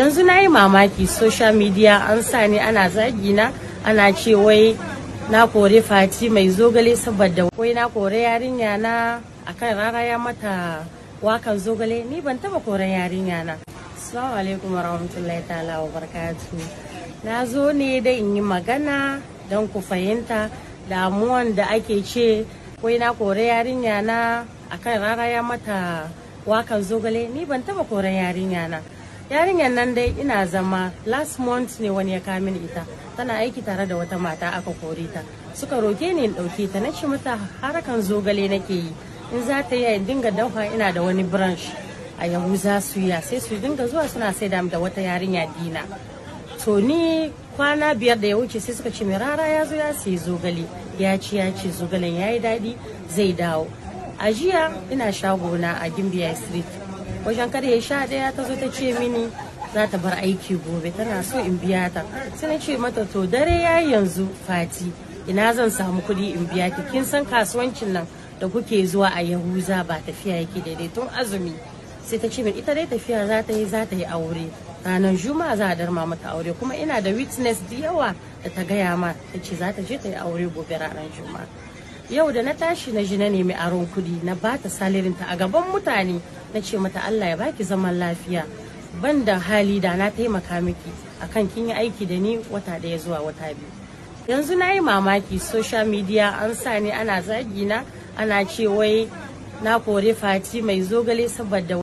yanzu na yi mamaki social media an sa ni ana zagina ana ce wai na kore fati mai zogale saboda wai na kore yarinya na akan rara ya mata wakan zogale ni ban taba koren yarinya na assalamu alaikum warahmatullahi ta'ala wa barakatu na zo ne da in yi magana don ku fahimta damuwan da ake ce wai na kore yarinya na akan rara ya mata wakan zogale ni ban taba koren yarinya na yarinyar nan dai ina zama last month ne wani ya kamin ita tana aiki tare da wata mata aka kore ta suka roke ni in dauke ta na mata harakan zogale nake yi in za ta yi dinga dauka ina da wani branch a yahuza suya sai su dinga zuwa suna sai da wata yarinya dina to ni kwana biyar da ya wuce sai suka ce mirara rara ya zo ya sai zogale ya ci ya ci zogalen ya yi daɗi zai dawo a jiya ina shago na a gimbiya street wajen karye sha ɗaya ta zo ta ce mini za ta bar aiki gobe tana so in biya ta sai na ce mata to dare ya yanzu fati ina zan samu kuɗi in biya ki kin san kasuwancin nan da kuke zuwa a yahuza ba tafiya yake daidai tun azumi sai ta ce min ita dai tafiya za ta yi za ta yi aure ranar juma'a za a darma mata aure kuma ina da witness da yawa da ta gaya ma ta ce za ta je ta yi aure gobe ranar juma'a yau da na tashi na ji na nemi aron kuɗi na ba ta salirinta a gaban mutane na ce mata allah ya baki zaman lafiya ban da hali da na taimaka miki akan kin yi aiki da ni wata ɗaya zuwa wata biyu yanzu na yi mamaki social media an sa ni ana zagina ana ce wai na kore fati mai zogale saboda